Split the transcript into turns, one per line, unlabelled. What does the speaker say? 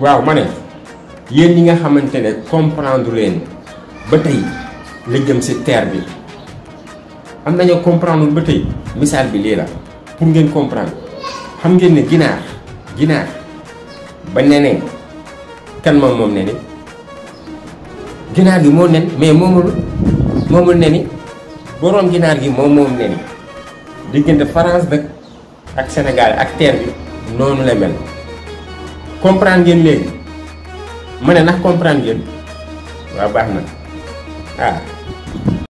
waaw ma ne yéen yi nga xamante ne comprendre leen ba tey la jëm si terre bi am nañoo comprendre ba tey misaal bi lii la pour ngeen comprendre xam ngeen ne ginaar ginaar ba neneen kan moom moom ne ni ginaar gi moo nen mais moomul moomul ne ni boroom ginaar gi moom moom ne ni diggante France nag ak Sénégal ak terre bi noonu la mel. comprendre ngeen léegi ma ne ndax comprendre ngeen waaw baax na
ah